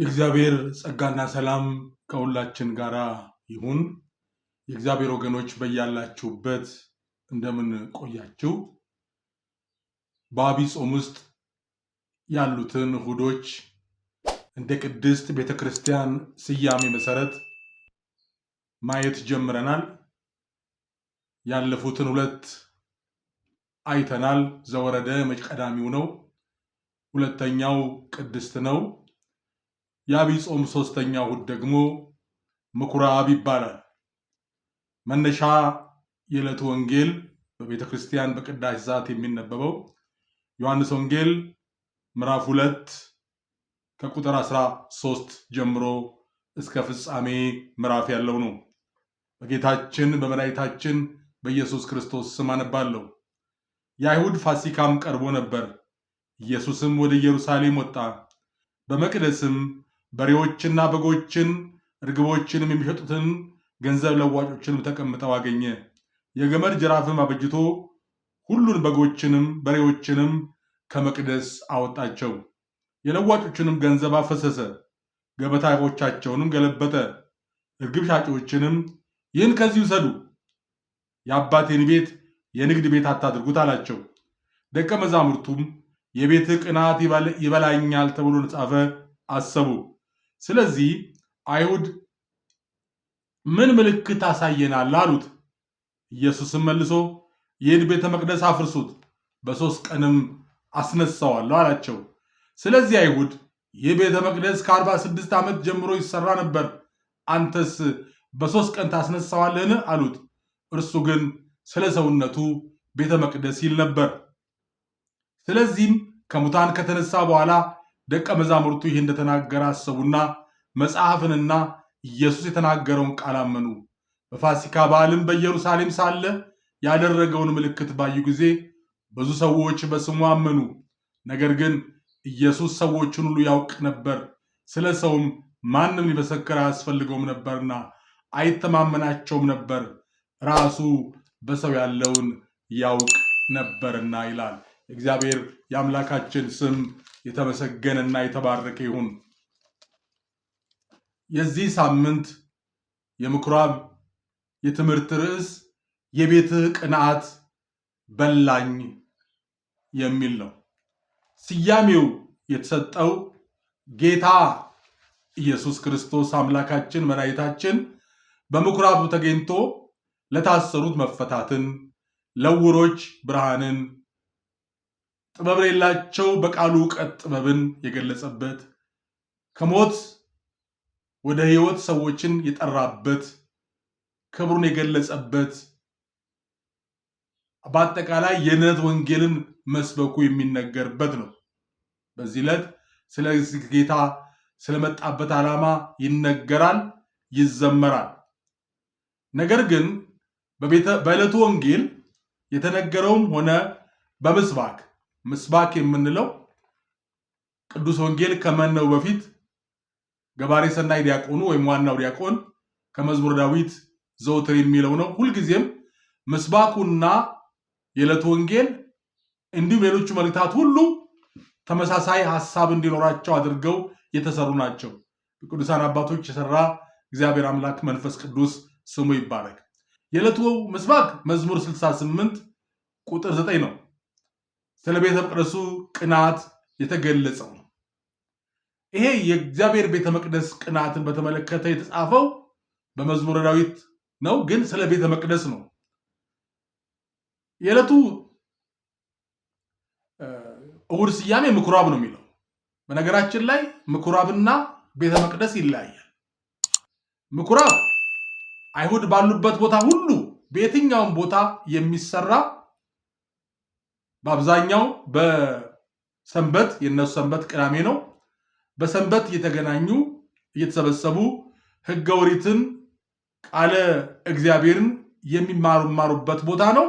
የእግዚአብሔር ጸጋና ሰላም ከሁላችን ጋር ይሁን። የእግዚአብሔር ወገኖች በያላችሁበት እንደምን ቆያችሁ? በዐቢይ ጾም ውስጥ ያሉትን እሁዶች እንደ ቅድስት ቤተ ክርስቲያን ስያሜ መሰረት ማየት ጀምረናል። ያለፉትን ሁለት አይተናል። ዘወረደ ቀዳሚው ነው፣ ሁለተኛው ቅድስት ነው። የአብይ ጾም ሶስተኛ እሁድ ደግሞ ምኩራብ ይባላል። መነሻ የዕለቱ ወንጌል በቤተ ክርስቲያን በቅዳሴ ሰዓት የሚነበበው ዮሐንስ ወንጌል ምዕራፍ ሁለት ከቁጥር ሶስት ጀምሮ እስከ ፍጻሜ ምዕራፍ ያለው ነው። በጌታችን በመድኃኒታችን በኢየሱስ ክርስቶስ ስም አነባለሁ። የአይሁድ ፋሲካም ቀርቦ ነበር። ኢየሱስም ወደ ኢየሩሳሌም ወጣ፣ በመቅደስም በሬዎችና በጎችን ርግቦችንም የሚሸጡትን ገንዘብ ለዋጮችንም ተቀምጠው አገኘ። የገመድ ጅራፍም አበጅቶ ሁሉን በጎችንም በሬዎችንም ከመቅደስ አወጣቸው። የለዋጮችንም ገንዘብ አፈሰሰ፣ ገበታዎቻቸውንም ገለበጠ። እርግብ ሻጮችንም ይህን ከዚህ ውሰዱ፣ የአባቴን ቤት የንግድ ቤት አታድርጉት አላቸው። ደቀ መዛሙርቱም የቤት ቅናት ይበላኛል ተብሎ ተጻፈ አሰቡ። ስለዚህ አይሁድ ምን ምልክት ታሳየናል አሉት። ኢየሱስም መልሶ ይህን ቤተ መቅደስ አፍርሱት፣ በሦስት ቀንም አስነሳዋለሁ አላቸው። ስለዚህ አይሁድ ይህ ቤተ መቅደስ ከአርባ ስድስት ዓመት ጀምሮ ይሰራ ነበር፣ አንተስ በሦስት ቀን ታስነሳዋለህን አሉት። እርሱ ግን ስለ ሰውነቱ ቤተ መቅደስ ይል ነበር። ስለዚህም ከሙታን ከተነሳ በኋላ ደቀ መዛሙርቱ ይህ እንደተናገረ አሰቡና መጽሐፍንና ኢየሱስ የተናገረውን ቃል አመኑ። በፋሲካ በዓልም በኢየሩሳሌም ሳለ ያደረገውን ምልክት ባዩ ጊዜ ብዙ ሰዎች በስሙ አመኑ። ነገር ግን ኢየሱስ ሰዎችን ሁሉ ያውቅ ነበር፣ ስለ ሰውም ማንም ሊመሰክር አያስፈልገውም ነበርና አይተማመናቸውም ነበር፣ ራሱ በሰው ያለውን ያውቅ ነበርና ይላል። እግዚአብሔር የአምላካችን ስም የተመሰገነና የተባረከ ይሁን። የዚህ ሳምንት የምኩራብ የትምህርት ርዕስ የቤትህ ቅንዓት በላኝ የሚል ነው። ስያሜው የተሰጠው ጌታ ኢየሱስ ክርስቶስ አምላካችን መድኃኒታችን በምኩራቡ ተገኝቶ ለታሰሩት መፈታትን፣ ለውሮች ብርሃንን ጥበብ ሌላቸው በቃሉ እውቀት ጥበብን የገለጸበት ከሞት ወደ ሕይወት ሰዎችን የጠራበት ክብሩን የገለጸበት በአጠቃላይ የድነት ወንጌልን መስበኩ የሚነገርበት ነው። በዚህ ዕለት ስለ ጌታ ስለመጣበት ዓላማ ይነገራል፣ ይዘመራል። ነገር ግን በዕለቱ ወንጌል የተነገረውም ሆነ በምስባክ ምስባክ የምንለው ቅዱስ ወንጌል ከመነው በፊት ገባሬ ሰናይ ዲያቆኑ ወይም ዋናው ዲያቆን ከመዝሙር ዳዊት ዘውትር የሚለው ነው። ሁልጊዜም ምስባኩና የዕለት ወንጌል እንዲሁም ሌሎቹ መልእክታት ሁሉ ተመሳሳይ ሀሳብ እንዲኖራቸው አድርገው የተሰሩ ናቸው። ቅዱሳን አባቶች የሰራ እግዚአብሔር አምላክ መንፈስ ቅዱስ ስሙ ይባረክ። የዕለቱ ምስባክ መዝሙር 68 ቁጥር 9 ነው። ስለ ቤተ መቅደሱ ቅናት የተገለጸው ነው። ይሄ የእግዚአብሔር ቤተ መቅደስ ቅናትን በተመለከተ የተጻፈው በመዝሙረ ዳዊት ነው፣ ግን ስለ ቤተ መቅደስ ነው። የዕለቱ እውድ ስያሜ ምኩራብ ነው የሚለው። በነገራችን ላይ ምኩራብና ቤተ መቅደስ ይለያያል። ምኩራብ አይሁድ ባሉበት ቦታ ሁሉ በየትኛውም ቦታ የሚሰራ በአብዛኛው በሰንበት የእነሱ ሰንበት ቅዳሜ ነው። በሰንበት እየተገናኙ እየተሰበሰቡ ሕገ ኦሪትን ቃለ እግዚአብሔርን የሚማሩማሩበት ቦታ ነው።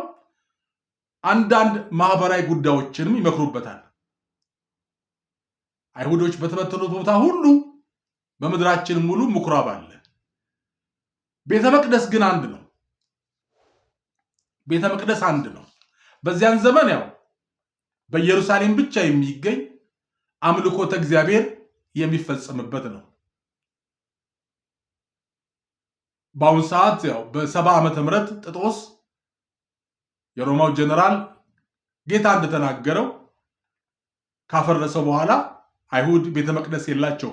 አንዳንድ ማህበራዊ ጉዳዮችንም ይመክሩበታል። አይሁዶች በተበተኑት ቦታ ሁሉ በምድራችን ሙሉ ምኩራብ አለ። ቤተ መቅደስ ግን አንድ ነው። ቤተ መቅደስ አንድ ነው። በዚያን ዘመን ያው በኢየሩሳሌም ብቻ የሚገኝ አምልኮተ እግዚአብሔር የሚፈጸምበት ነው። በአሁኑ ሰዓት ያው በሰባ ዓመተ ምህረት ጥጦስ የሮማው ጀነራል ጌታ እንደተናገረው ካፈረሰው በኋላ አይሁድ ቤተ መቅደስ የላቸው።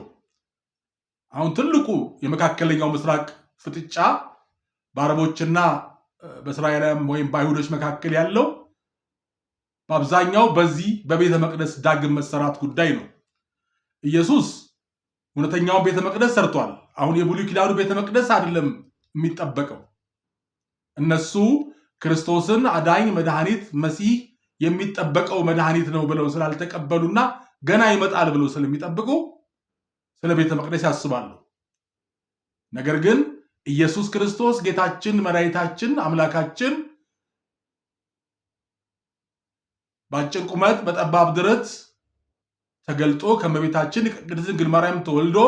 አሁን ትልቁ የመካከለኛው ምስራቅ ፍጥጫ በአረቦችና በእስራኤላውያን ወይም በአይሁዶች መካከል ያለው በአብዛኛው በዚህ በቤተ መቅደስ ዳግም መሰራት ጉዳይ ነው። ኢየሱስ እውነተኛውን ቤተ መቅደስ ሰርቷል። አሁን የብሉይ ኪዳኑ ቤተ መቅደስ አይደለም የሚጠበቀው። እነሱ ክርስቶስን አዳኝ መድኃኒት መሲህ የሚጠበቀው መድኃኒት ነው ብለው ስላልተቀበሉና ገና ይመጣል ብለው ስለሚጠብቁ ስለ ቤተ መቅደስ ያስባሉ። ነገር ግን ኢየሱስ ክርስቶስ ጌታችን መድኃኒታችን አምላካችን በአጭር ቁመት በጠባብ ድረት ተገልጦ ከመቤታችን ቅድስት ድንግል ማርያም ተወልዶ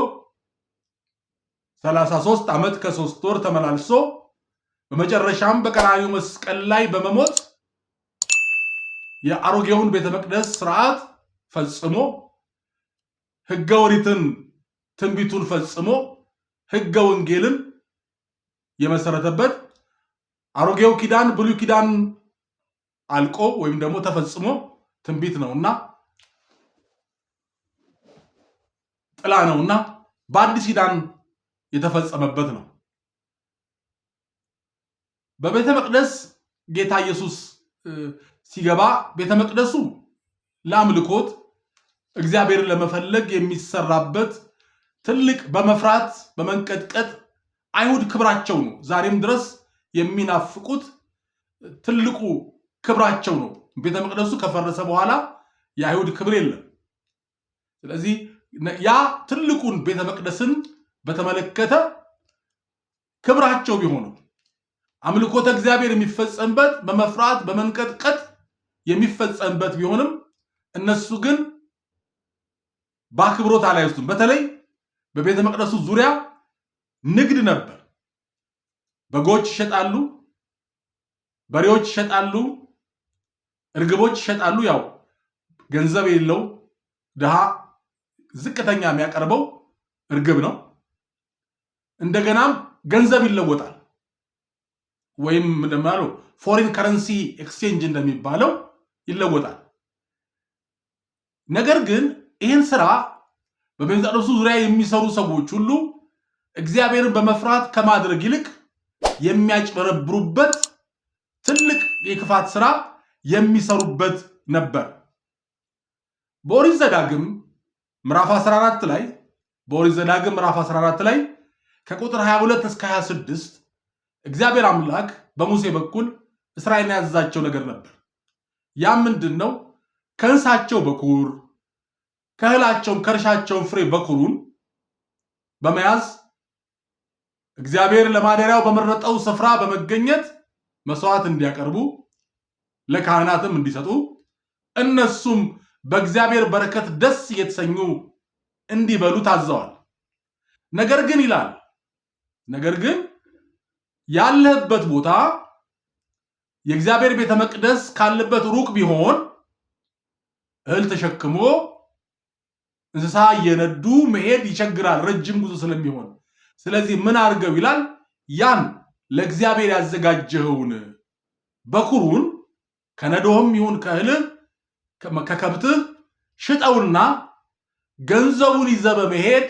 33 ዓመት ከሶስት ወር ተመላልሶ በመጨረሻም በቀራኒው መስቀል ላይ በመሞት የአሮጌውን ቤተ መቅደስ ስርዓት ፈጽሞ ሕገ ኦሪትን ትንቢቱን ፈጽሞ ሕገ ወንጌልን የመሰረተበት አሮጌው ኪዳን ብሉይ ኪዳን አልቆ ወይም ደግሞ ተፈጽሞ ትንቢት ነውና ጥላ ነውና በአዲስ ኪዳን የተፈጸመበት ነው። በቤተ መቅደስ ጌታ ኢየሱስ ሲገባ ቤተ መቅደሱ ለአምልኮት እግዚአብሔርን ለመፈለግ የሚሰራበት ትልቅ በመፍራት በመንቀጥቀጥ አይሁድ ክብራቸው ነው ዛሬም ድረስ የሚናፍቁት ትልቁ ክብራቸው ነው። ቤተ መቅደሱ ከፈረሰ በኋላ የአይሁድ ክብር የለም። ስለዚህ ያ ትልቁን ቤተ መቅደስን በተመለከተ ክብራቸው ቢሆኑ አምልኮተ እግዚአብሔር የሚፈጸምበት በመፍራት በመንቀጥቀጥ የሚፈጸምበት ቢሆንም እነሱ ግን በአክብሮት አላይዙትም። በተለይ በቤተ መቅደሱ ዙሪያ ንግድ ነበር። በጎች ይሸጣሉ፣ በሬዎች ይሸጣሉ፣ እርግቦች ይሸጣሉ። ያው ገንዘብ የለው ድሃ ዝቅተኛ የሚያቀርበው እርግብ ነው። እንደገናም ገንዘብ ይለወጣል ወይም እንደማሉ ፎሪን ከረንሲ ኤክስቼንጅ እንደሚባለው ይለወጣል። ነገር ግን ይህን ስራ በቤንዛዶሱ ዙሪያ የሚሰሩ ሰዎች ሁሉ እግዚአብሔርን በመፍራት ከማድረግ ይልቅ የሚያጭበረብሩበት ትልቅ የክፋት ስራ የሚሰሩበት ነበር። በኦሪት ዘዳግም ምዕራፍ 14 ላይ በኦሪት ዘዳግም ምዕራፍ 14 ላይ ከቁጥር 22 እስከ 26 እግዚአብሔር አምላክ በሙሴ በኩል እስራኤልን ያዘዛቸው ነገር ነበር። ያም ምንድን ነው? ከእንስሳቸው በኩር ከእህላቸውም ከእርሻቸውም ፍሬ በኩሩን በመያዝ እግዚአብሔር ለማደሪያው በመረጠው ስፍራ በመገኘት መስዋዕት እንዲያቀርቡ ለካህናትም እንዲሰጡ እነሱም በእግዚአብሔር በረከት ደስ እየተሰኙ እንዲበሉ ታዘዋል። ነገር ግን ይላል ነገር ግን ያለህበት ቦታ የእግዚአብሔር ቤተ መቅደስ ካለበት ሩቅ ቢሆን እህል ተሸክሞ እንስሳ እየነዱ መሄድ ይቸግራል፣ ረጅም ጉዞ ስለሚሆን። ስለዚህ ምን አድርገው ይላል ያን ለእግዚአብሔር ያዘጋጀኸውን በኩሩን ከነዶህም ይሁን ከእህልህ ከከብትህ ሽጠውና ገንዘቡን ይዘህ በመሄድ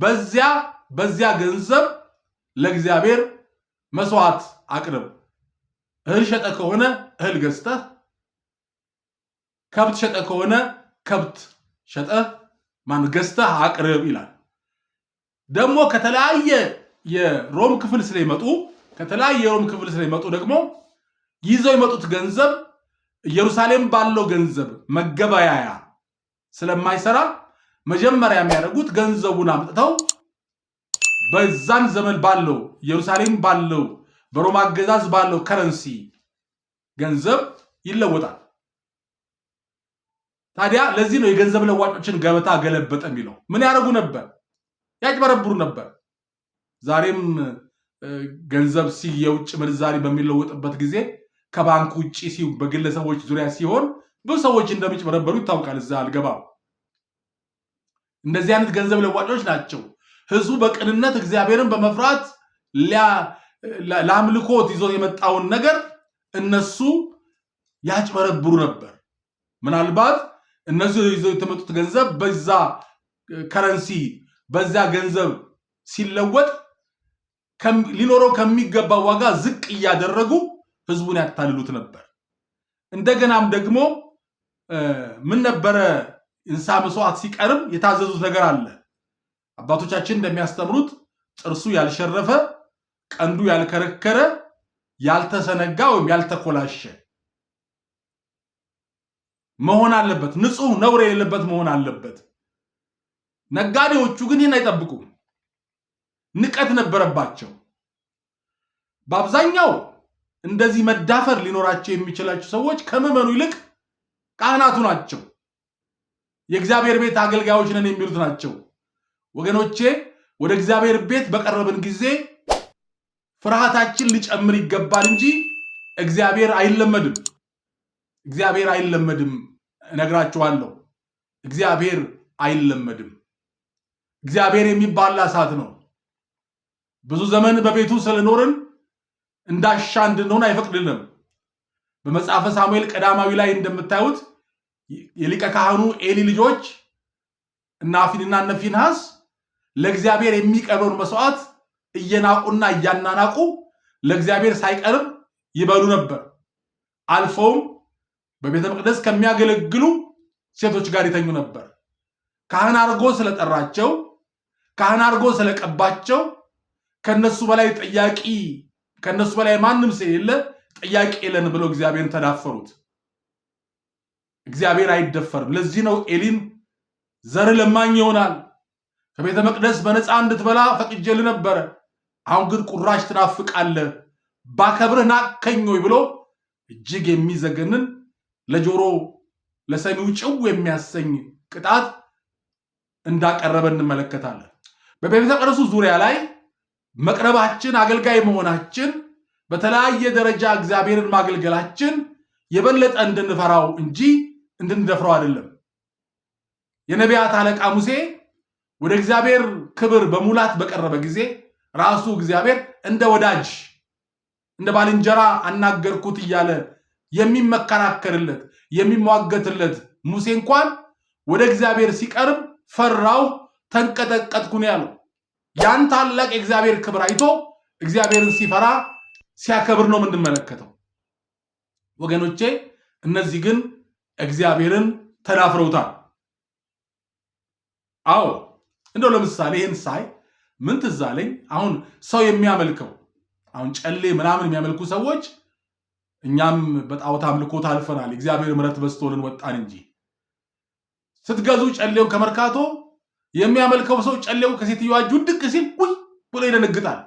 በዚያ በዚያ ገንዘብ ለእግዚአብሔር መስዋዕት አቅርብ። እህል ሸጠ ከሆነ እህል ገዝተህ፣ ከብት ሸጠ ከሆነ ከብት ሸጠህ ማን ገዝተህ አቅርብ ይላል። ደግሞ ከተለያየ የሮም ክፍል ስለሚመጡ ከተለያየ የሮም ክፍል ስለሚመጡ ደግሞ ይዘው የመጡት ገንዘብ ኢየሩሳሌም ባለው ገንዘብ መገበያያ ስለማይሰራ መጀመሪያ የሚያደርጉት ገንዘቡን አምጥተው በዛን ዘመን ባለው ኢየሩሳሌም ባለው በሮማ አገዛዝ ባለው ከረንሲ ገንዘብ ይለወጣል። ታዲያ ለዚህ ነው የገንዘብ ለዋጮችን ገበታ ገለበጠ የሚለው። ምን ያደርጉ ነበር? ያጭበረብሩ ነበር። ዛሬም ገንዘብ ሲ የውጭ ምንዛሪ በሚለወጥበት ጊዜ ከባንክ ውጭ በግለሰቦች ዙሪያ ሲሆን ብዙ ሰዎች እንደሚጭበረበሩ ይታወቃል። እዛ አልገባም። እንደዚህ አይነት ገንዘብ ለዋጮች ናቸው። ህዝቡ በቅንነት እግዚአብሔርን በመፍራት ለአምልኮት ይዞ የመጣውን ነገር እነሱ ያጭበረብሩ ነበር። ምናልባት እነሱ ይዞ የተመጡት ገንዘብ በዛ ከረንሲ በዛ ገንዘብ ሲለወጥ ሊኖረው ከሚገባ ዋጋ ዝቅ እያደረጉ ህዝቡን ያታልሉት ነበር። እንደገናም ደግሞ ምን ነበረ እንስሳ መስዋዕት ሲቀርብ የታዘዙት ነገር አለ። አባቶቻችን እንደሚያስተምሩት ጥርሱ ያልሸረፈ፣ ቀንዱ ያልከረከረ፣ ያልተሰነጋ ወይም ያልተኮላሸ መሆን አለበት። ንጹህ ነውር የሌለበት መሆን አለበት። ነጋዴዎቹ ግን ይህን አይጠብቁም። ንቀት ነበረባቸው በአብዛኛው እንደዚህ መዳፈር ሊኖራቸው የሚችላቸው ሰዎች ከመመኑ ይልቅ ካህናቱ ናቸው፣ የእግዚአብሔር ቤት አገልጋዮች ነን የሚሉት ናቸው። ወገኖቼ ወደ እግዚአብሔር ቤት በቀረብን ጊዜ ፍርሃታችን ሊጨምር ይገባል እንጂ እግዚአብሔር አይለመድም። እግዚአብሔር አይለመድም፣ እነግራችኋለሁ። እግዚአብሔር አይለመድም። እግዚአብሔር የሚባላ እሳት ነው። ብዙ ዘመን በቤቱ ስለኖርን እንዳሻ እንድንሆን አይፈቅድልንም። በመጽሐፈ ሳሙኤል ቀዳማዊ ላይ እንደምታዩት የሊቀ ካህኑ ኤሊ ልጆች እነ አፍኒና እነ ፊንሃስ ለእግዚአብሔር የሚቀርበውን መስዋዕት እየናቁና እያናናቁ ለእግዚአብሔር ሳይቀርብ ይበሉ ነበር። አልፈውም በቤተ መቅደስ ከሚያገለግሉ ሴቶች ጋር ይተኙ ነበር። ካህን አድርጎ ስለጠራቸው፣ ካህን አድርጎ ስለቀባቸው ከነሱ በላይ ጠያቂ ከእነሱ በላይ ማንም ስለሌለ ጥያቄ የለን ብለው እግዚአብሔርን ተዳፈሩት። እግዚአብሔር አይደፈርም። ለዚህ ነው ኤሊም ዘር ለማኝ ይሆናል፣ ከቤተ መቅደስ በነፃ እንድትበላ ፈቅጄልህ ነበረ፣ አሁን ግን ቁራሽ ትናፍቃለህ፣ ባከብርህ ናቅከኝ ወይ ብሎ እጅግ የሚዘገንን ለጆሮ ለሰሚው ጭው የሚያሰኝ ቅጣት እንዳቀረበ እንመለከታለን። በቤተ መቅደሱ ዙሪያ ላይ መቅረባችን፣ አገልጋይ መሆናችን፣ በተለያየ ደረጃ እግዚአብሔርን ማገልገላችን የበለጠ እንድንፈራው እንጂ እንድንደፍረው አይደለም። የነቢያት አለቃ ሙሴ ወደ እግዚአብሔር ክብር በሙላት በቀረበ ጊዜ ራሱ እግዚአብሔር እንደ ወዳጅ እንደ ባልንጀራ አናገርኩት እያለ የሚመከራከርለት የሚሟገትለት ሙሴ እንኳን ወደ እግዚአብሔር ሲቀርብ ፈራው፣ ተንቀጠቀጥኩ ነው ያለው። ያን ታላቅ የእግዚአብሔር ክብር አይቶ እግዚአብሔርን ሲፈራ ሲያከብር ነው የምንመለከተው። ወገኖቼ እነዚህ ግን እግዚአብሔርን ተዳፍረውታል። አዎ እንደው ለምሳሌ ይህን ሳይ ምን ትዝ አለኝ? አሁን ሰው የሚያመልከው አሁን ጨሌ ምናምን የሚያመልኩ ሰዎች እኛም በጣዖት አምልኮ ታልፈናል፣ እግዚአብሔር ምሕረት በዝቶልን ወጣን እንጂ ስትገዙ ጨሌውን ከመርካቶ የሚያመልከው ሰው ጨሌው ከሴትዮዋ እጅ ውድቅ ሲል ውይ ብሎ ይደነግጣል።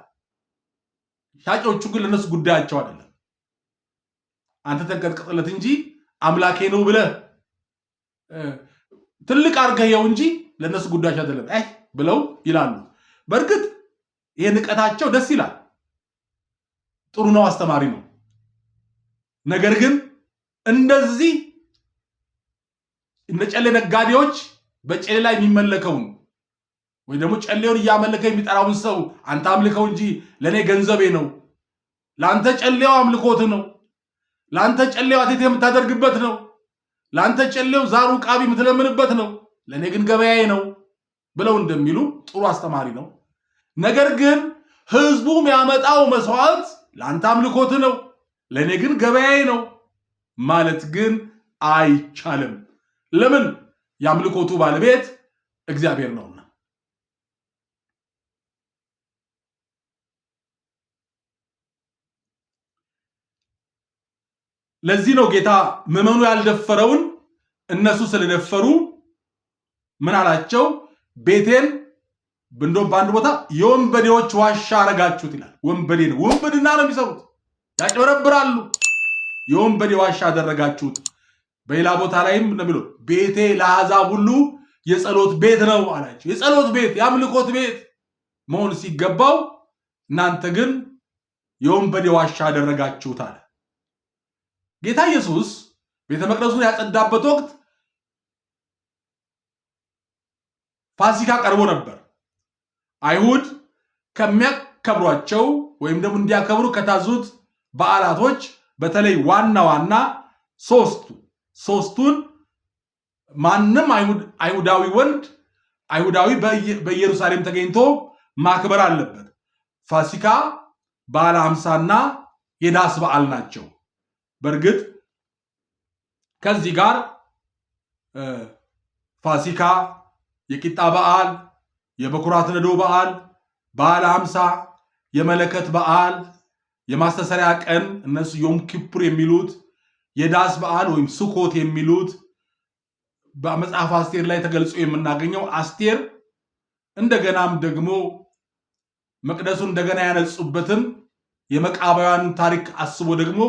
ሻጮቹ ግን ለነሱ ጉዳያቸው አይደለም። አንተ ተንቀጥቀጥለት እንጂ አምላኬ ነው ብለ ትልቅ አርገየው እንጂ ለነሱ ጉዳያቸው አይደለም አይ ብለው ይላሉ። በእርግጥ ይሄ ንቀታቸው ደስ ይላል፣ ጥሩ ነው፣ አስተማሪ ነው። ነገር ግን እንደዚህ እነ ጨሌ ነጋዴዎች በጨሌ ላይ የሚመለከውን ወይ ደግሞ ጨሌውን እያመለከ የሚጠራውን ሰው አንተ አምልከው እንጂ ለእኔ ገንዘቤ ነው፣ ለአንተ ጨሌው አምልኮት ነው፣ ለአንተ ጨሌው አቴት የምታደርግበት ነው፣ ለአንተ ጨሌው ዛሩ ቃቢ የምትለምንበት ነው፣ ለእኔ ግን ገበያዬ ነው ብለው እንደሚሉ ጥሩ አስተማሪ ነው። ነገር ግን ህዝቡ የሚያመጣው መስዋዕት ለአንተ አምልኮት ነው፣ ለእኔ ግን ገበያዬ ነው ማለት ግን አይቻልም። ለምን? የአምልኮቱ ባለቤት እግዚአብሔር ነው። ለዚህ ነው ጌታ ምዕመኑ ያልደፈረውን እነሱ ስለደፈሩ ምን አላቸው? ቤቴን ብንዶ በአንድ ቦታ የወንበዴዎች ዋሻ አረጋችሁት ይላል። ወንበዴ ነው ወንበድና ነው የሚሰሩት፣ ያጨበረብራሉ። የወንበዴ ዋሻ አደረጋችሁት። በሌላ ቦታ ላይም እንደሚለው ቤቴ ለአሕዛብ ሁሉ የጸሎት ቤት ነው አላቸው። የጸሎት ቤት የአምልኮት ቤት መሆን ሲገባው እናንተ ግን የወንበዴ ዋሻ አደረጋችሁት አለ። ጌታ ኢየሱስ ቤተ መቅደሱን ያጸዳበት ወቅት ፋሲካ ቀርቦ ነበር። አይሁድ ከሚያከብሯቸው ወይም ደግሞ እንዲያከብሩ ከታዙት በዓላቶች በተለይ ዋና ዋና ሶስቱ ሶስቱን ማንም አይሁዳዊ ወንድ አይሁዳዊ በኢየሩሳሌም ተገኝቶ ማክበር አለበት። ፋሲካ፣ በዓለ ሃምሳና የዳስ በዓል ናቸው። በእርግጥ ከዚህ ጋር ፋሲካ፣ የቂጣ በዓል፣ የበኩራት ነዶ በዓል፣ በዓል ሃምሳ፣ የመለከት በዓል፣ የማስተሰሪያ ቀን እነሱ ዮም ኪፑር የሚሉት የዳስ በዓል ወይም ስኮት የሚሉት በመጽሐፍ አስቴር ላይ ተገልጾ የምናገኘው አስቴር እንደገናም ደግሞ መቅደሱን እንደገና ያነጹበትን የመቃባያን ታሪክ አስቦ ደግሞ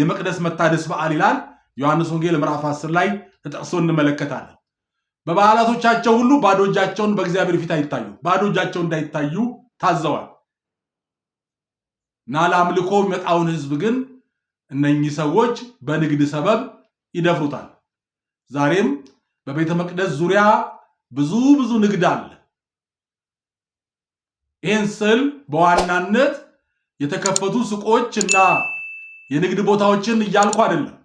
የመቅደስ መታደስ በዓል ይላል። ዮሐንስ ወንጌል ምዕራፍ 10 ላይ ተጠቅሶ እንመለከታለን። በበዓላቶቻቸው ሁሉ ባዶ እጃቸውን በእግዚአብሔር ፊት አይታዩ፣ ባዶ እጃቸው እንዳይታዩ ታዘዋል እና ለአምልኮ የሚመጣውን ሕዝብ ግን እነኚህ ሰዎች በንግድ ሰበብ ይደፍሩታል። ዛሬም በቤተ መቅደስ ዙሪያ ብዙ ብዙ ንግድ አለ። ይህን ስል በዋናነት የተከፈቱ ሱቆች እና የንግድ ቦታዎችን እያልኩ አይደለም።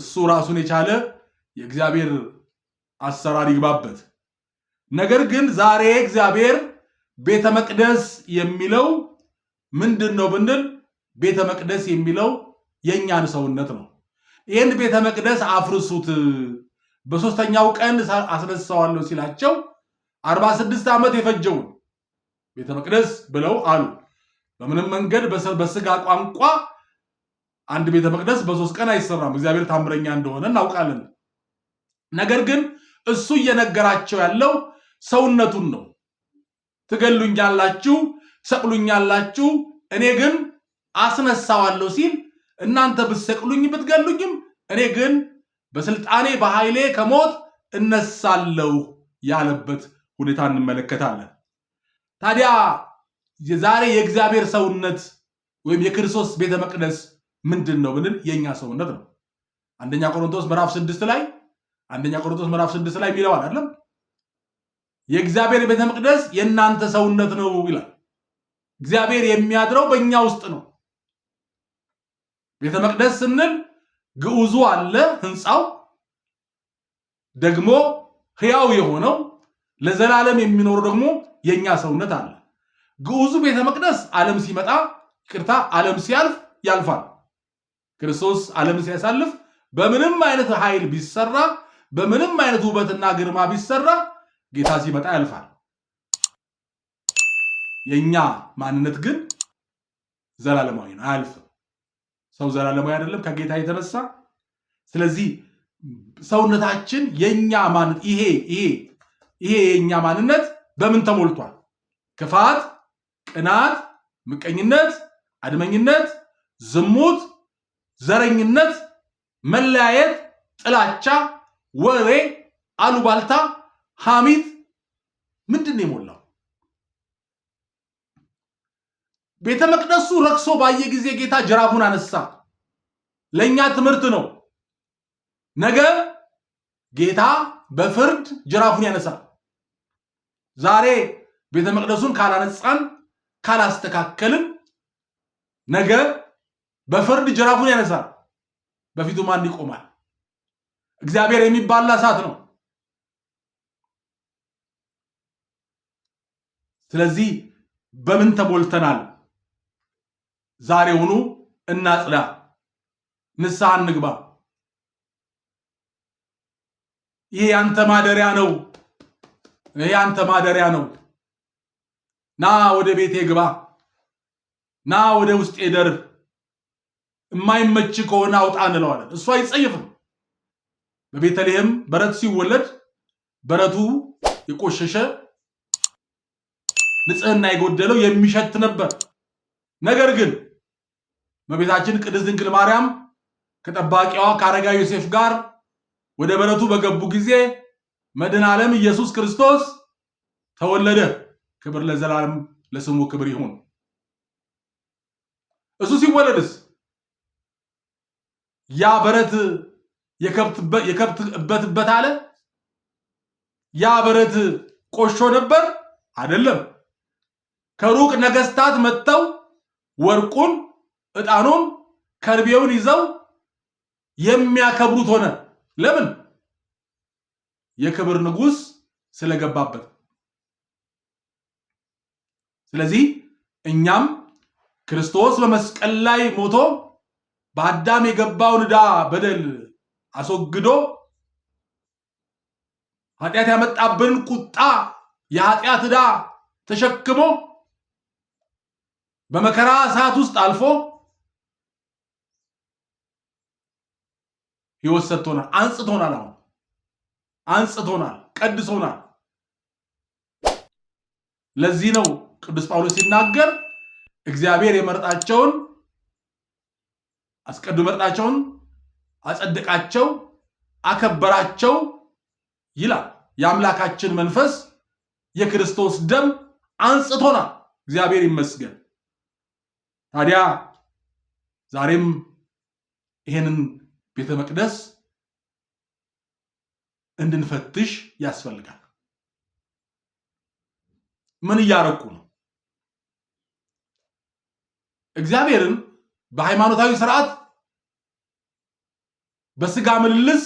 እሱ ራሱን የቻለ የእግዚአብሔር አሰራር ይግባበት። ነገር ግን ዛሬ እግዚአብሔር ቤተ መቅደስ የሚለው ምንድን ነው ብንል ቤተ መቅደስ የሚለው የእኛን ሰውነት ነው። ይህን ቤተ መቅደስ አፍርሱት በሶስተኛው ቀን አስነሳዋለሁ ሲላቸው አርባ ስድስት ዓመት የፈጀውን ቤተ መቅደስ ብለው አሉ። በምንም መንገድ በስጋ ቋንቋ አንድ ቤተ መቅደስ በሶስት ቀን አይሰራም። እግዚአብሔር ታምረኛ እንደሆነ እናውቃለን። ነገር ግን እሱ እየነገራቸው ያለው ሰውነቱን ነው። ትገሉኛላችሁ፣ ትሰቅሉኛላችሁ፣ እኔ ግን አስነሳዋለሁ ሲል እናንተ ብትሰቅሉኝ ብትገሉኝም፣ እኔ ግን በስልጣኔ በኃይሌ ከሞት እነሳለሁ ያለበት ሁኔታ እንመለከታለን። ታዲያ የዛሬ የእግዚአብሔር ሰውነት ወይም የክርስቶስ ቤተ መቅደስ ምንድን ነው ብንል የእኛ ሰውነት ነው። አንደኛ ቆሮንቶስ ምዕራፍ ስድስት ላይ አንደኛ ቆሮንቶስ ምዕራፍ ስድስት ላይ የሚለው አይደለም የእግዚአብሔር ቤተ መቅደስ የእናንተ ሰውነት ነው ይላል። እግዚአብሔር የሚያድረው በእኛ ውስጥ ነው። ቤተ መቅደስ ስንል ግዑዙ አለ ህንፃው ደግሞ ህያው የሆነው ለዘላለም የሚኖረው ደግሞ የእኛ ሰውነት አለ። ግዑዙ ቤተ መቅደስ ዓለም ሲመጣ ቅርታ ዓለም ሲያልፍ ያልፋል። ክርስቶስ ዓለም ሲያሳልፍ በምንም አይነት ኃይል ቢሰራ በምንም አይነት ውበትና ግርማ ቢሰራ ጌታ ሲመጣ ያልፋል። የእኛ ማንነት ግን ዘላለማዊ ነው፣ አያልፍም። ሰው ዘላለማዊ አይደለም ከጌታ የተነሳ ስለዚህ ሰውነታችን የእኛ ማንነት ይሄ ይሄ ይሄ የኛ ማንነት በምን ተሞልቷል? ክፋት፣ ቅናት፣ ምቀኝነት፣ አድመኝነት፣ ዝሙት ዘረኝነት፣ መለያየት፣ ጥላቻ፣ ወሬ፣ አሉባልታ፣ ሐሜት ምንድን ነው የሞላው? ቤተ መቅደሱ ረክሶ ባየ ጊዜ ጌታ ጅራፉን አነሳ። ለእኛ ትምህርት ነው። ነገ ጌታ በፍርድ ጅራፉን ያነሳል። ዛሬ ቤተ መቅደሱን ካላነጻን ካላስተካከልን ነገር? በፍርድ ጅራፉን ያነሳል፣ በፊቱ ማን ይቆማል? እግዚአብሔር የሚባላ እሳት ነው። ስለዚህ በምን ተሞልተናል? ዛሬውኑ እናጽዳ፣ ንስሐ እንግባ። ይሄ ያንተ ማደሪያ ነው። ይሄ ያንተ ማደሪያ ነው። ና ወደ ቤቴ ግባ፣ ና ወደ ውስጤ ደርብ የማይመች ከሆነ አውጣ እንለዋለን። እሱ አይጸይፍም። በቤተልሔም በረት ሲወለድ በረቱ የቆሸሸ ንጽህና የጎደለው የሚሸት ነበር። ነገር ግን በቤታችን ቅድስት ድንግል ማርያም ከጠባቂዋ ከአረጋ ዮሴፍ ጋር ወደ በረቱ በገቡ ጊዜ መድን ዓለም ኢየሱስ ክርስቶስ ተወለደ። ክብር ለዘላለም ለስሙ ክብር ይሁን። እሱ ሲወለድስ ያ በረት የከብትበት አለ። ያ በረት ቆሾ ነበር አይደለም። ከሩቅ ነገስታት መጥተው ወርቁን፣ ዕጣኑን፣ ከርቤውን ይዘው የሚያከብሩት ሆነ። ለምን? የክብር ንጉስ ስለገባበት። ስለዚህ እኛም ክርስቶስ በመስቀል ላይ ሞቶ በአዳም የገባውን ዕዳ በደል አስወግዶ ኃጢአት ያመጣብንን ቁጣ የኃጢአት ዕዳ ተሸክሞ በመከራ ሰዓት ውስጥ አልፎ ህይወት ሰጥቶናል፣ አንጽቶናል፣ አሁን አንጽቶናል፣ ቀድሶናል። ለዚህ ነው ቅዱስ ጳውሎስ ሲናገር እግዚአብሔር የመረጣቸውን አስቀዱ መቅጣቸውን አጸድቃቸው፣ አከበራቸው ይላል። የአምላካችን መንፈስ የክርስቶስ ደም አንጽቶና እግዚአብሔር ይመስገን። ታዲያ ዛሬም ይሄንን ቤተ መቅደስ እንድንፈትሽ ያስፈልጋል። ምን እያረኩ ነው? እግዚአብሔርን በሃይማኖታዊ ስርዓት በስጋ ምልልስ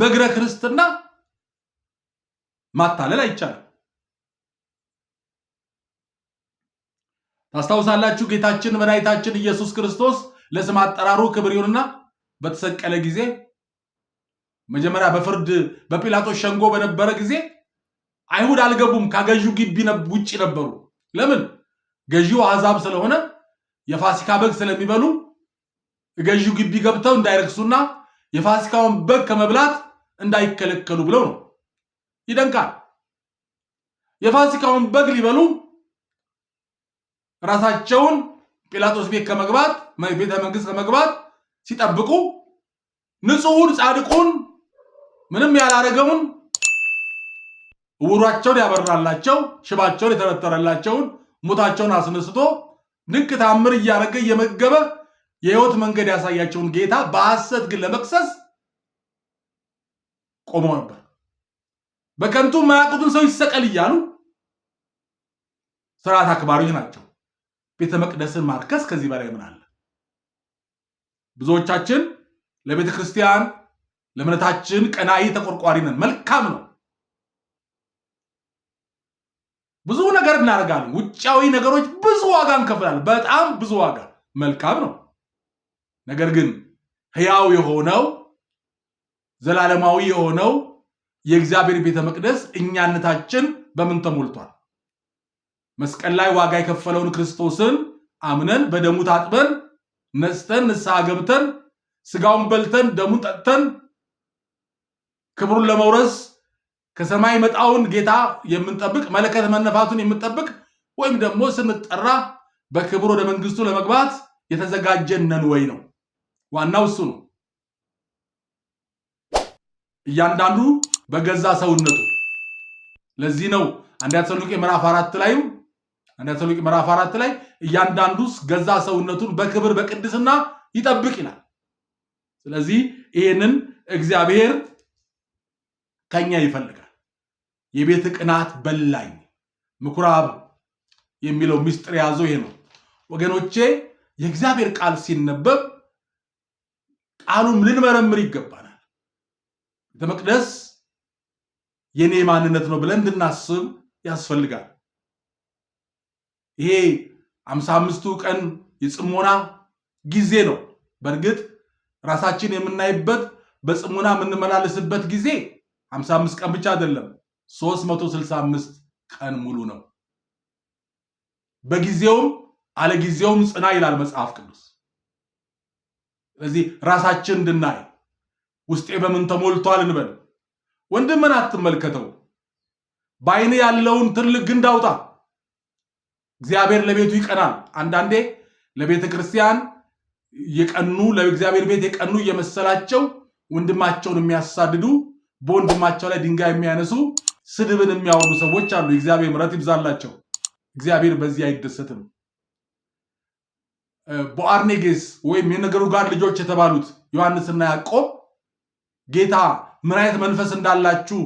በእግረ ክርስትና ማታለል አይቻልም። ታስታውሳላችሁ፣ ጌታችን መድኃኒታችን ኢየሱስ ክርስቶስ ለስም አጠራሩ ክብር ይሁንና በተሰቀለ ጊዜ መጀመሪያ በፍርድ በጲላጦስ ሸንጎ በነበረ ጊዜ አይሁድ አልገቡም። ከገዢው ግቢ ውጭ ነበሩ። ለምን? ገዢው አሕዛብ ስለሆነ የፋሲካ በግ ስለሚበሉ ገዢው ግቢ ገብተው እንዳይረክሱና የፋሲካውን በግ ከመብላት እንዳይከለከሉ ብለው ነው። ይደንቃል። የፋሲካውን በግ ሊበሉ ራሳቸውን ጲላጦስ ቤት ከመግባት ቤተ መንግስት ከመግባት ሲጠብቁ ንጹሑን ጻድቁን ምንም ያላረገውን እውሯቸውን ያበራላቸው ሽባቸውን የተረተረላቸውን ሙታቸውን አስነስቶ ድንቅ ታምር እያደረገ እየመገበ የህይወት መንገድ ያሳያቸውን ጌታ በሐሰት ግን ለመቅሰስ ቆመው ነበር። በከንቱ የማያውቁትን ሰው ይሰቀል እያሉ ስርዓት አክባሪዎች ናቸው። ቤተ መቅደስን ማርከስ ከዚህ በላይ ምን አለ? ብዙዎቻችን ለቤተ ክርስቲያን ለእምነታችን ቀናኢ ተቆርቋሪ ነን። መልካም ነው። ብዙ ነገር እናደርጋለን። ውጫዊ ነገሮች ብዙ ዋጋ እንከፍላለን። በጣም ብዙ ዋጋ። መልካም ነው። ነገር ግን ሕያው የሆነው ዘላለማዊ የሆነው የእግዚአብሔር ቤተ መቅደስ እኛነታችን በምን ተሞልቷል? መስቀል ላይ ዋጋ የከፈለውን ክርስቶስን አምነን በደሙ ታጥበን ነጽተን ንስሐ ገብተን ስጋውን በልተን ደሙን ጠጥተን ክብሩን ለመውረስ ከሰማይ መጣውን ጌታ የምንጠብቅ መለከት መነፋቱን የምንጠብቅ ወይም ደግሞ ስንጠራ በክብር ወደ መንግስቱ ለመግባት የተዘጋጀነን ወይ ነው? ዋናው እሱ ነው። እያንዳንዱ በገዛ ሰውነቱ ለዚህ ነው አንደኛ ተሰሎንቄ ምዕራፍ አራት ላይም አንደኛ ተሰሎንቄ ምዕራፍ አራት ላይ እያንዳንዱ ገዛ ሰውነቱን በክብር በቅድስና ይጠብቅ ይላል። ስለዚህ ይህንን እግዚአብሔር ከኛ ይፈልጋል። የቤት ቅናት በላኝ ምኩራብ የሚለው ምስጢር የያዘው ይሄ ነው ወገኖቼ። የእግዚአብሔር ቃል ሲነበብ ቃሉም ልንመረምር ይገባናል። ቤተ መቅደስ የኔ ማንነት ነው ብለን እንድናስብ ያስፈልጋል። ይሄ አምሳ አምስቱ ቀን የጽሞና ጊዜ ነው። በእርግጥ ራሳችን የምናይበት በጽሞና የምንመላለስበት ጊዜ አምስት ቀን ብቻ አይደለም፣ 365 ቀን ሙሉ ነው። በጊዜውም አለጊዜውም ጽና ይላል መጽሐፍ ቅዱስ። ስለዚህ ራሳችን እንድናይ ውስጤ በምን ተሞልቷል እንበል። ወንድምን አትመልከተው፣ በአይን ያለውን ትልቅ ግንድ አውጣ። እግዚአብሔር ለቤቱ ይቀናል። አንዳንዴ ለቤተ ክርስቲያን የቀኑ ለእግዚአብሔር ቤት የቀኑ እየመሰላቸው ወንድማቸውን የሚያሳድዱ በወንድማቸው ላይ ድንጋይ የሚያነሱ ስድብን የሚያወሩ ሰዎች አሉ። እግዚአብሔር ምሕረት ይብዛላቸው። እግዚአብሔር በዚህ አይደሰትም። ቦአርኔጌስ ወይም ጋር ልጆች የተባሉት ዮሐንስና ያዕቆብ ጌታ ምን አይነት መንፈስ እንዳላችሁ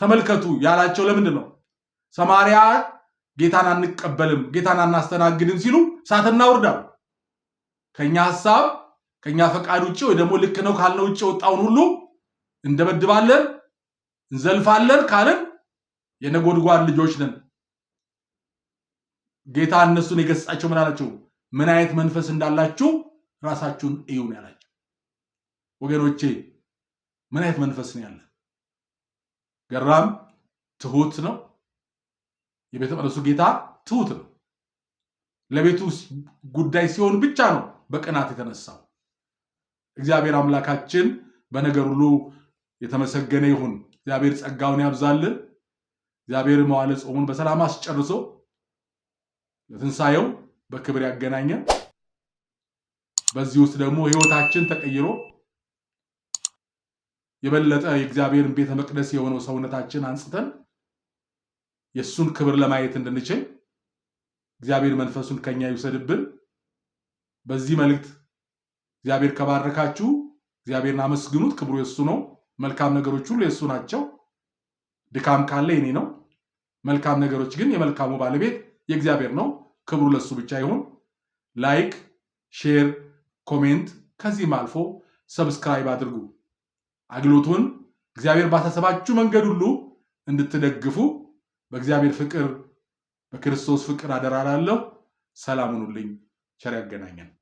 ተመልከቱ ያላቸው ለምንድን ነው? ሰማሪያ ጌታን አንቀበልም፣ ጌታን አናስተናግድም ሲሉ እሳት እናውርዳል። ከእኛ ሀሳብ ከእኛ ፈቃድ ውጭ ወይ ደግሞ ልክ ነው ካልነው ውጭ የወጣውን ሁሉ እንደበድባለን፣ እንዘልፋለን ካልን የነጎድጓድ ልጆች ነን። ጌታ እነሱን የገሳቸው ምን አላቸው? ምን አይነት መንፈስ እንዳላችሁ ራሳችሁን እዩ ነው ያላቸው። ወገኖቼ ምን አይነት መንፈስ ነው ያለን? ገራም ትሁት ነው። የቤተ መቅደሱ ጌታ ትሁት ነው። ለቤቱ ጉዳይ ሲሆን ብቻ ነው በቅናት የተነሳው። እግዚአብሔር አምላካችን በነገር ሁሉ የተመሰገነ ይሁን። እግዚአብሔር ጸጋውን ያብዛልን። እግዚአብሔር መዋለ ጾሙን በሰላም አስጨርሶ ለትንሣኤው በክብር ያገናኘን። በዚህ ውስጥ ደግሞ ህይወታችን ተቀይሮ የበለጠ የእግዚአብሔርን ቤተ መቅደስ የሆነው ሰውነታችን አንጽተን የእሱን ክብር ለማየት እንድንችል እግዚአብሔር መንፈሱን ከኛ ይውሰድብን። በዚህ መልእክት እግዚአብሔር ከባረካችሁ እግዚአብሔርን አመስግኑት። ክብሩ የእሱ ነው። መልካም ነገሮች ሁሉ የእሱ ናቸው። ድካም ካለ የኔ ነው። መልካም ነገሮች ግን የመልካሙ ባለቤት የእግዚአብሔር ነው። ክብሩ ለሱ ብቻ ይሁን። ላይክ፣ ሼር፣ ኮሜንት ከዚህም አልፎ ሰብስክራይብ አድርጉ። አግሎቱን እግዚአብሔር ባሳሰባችሁ መንገድ ሁሉ እንድትደግፉ በእግዚአብሔር ፍቅር በክርስቶስ ፍቅር አደራ ሰላም ሁኑልኝ። ቸር ያገናኘን።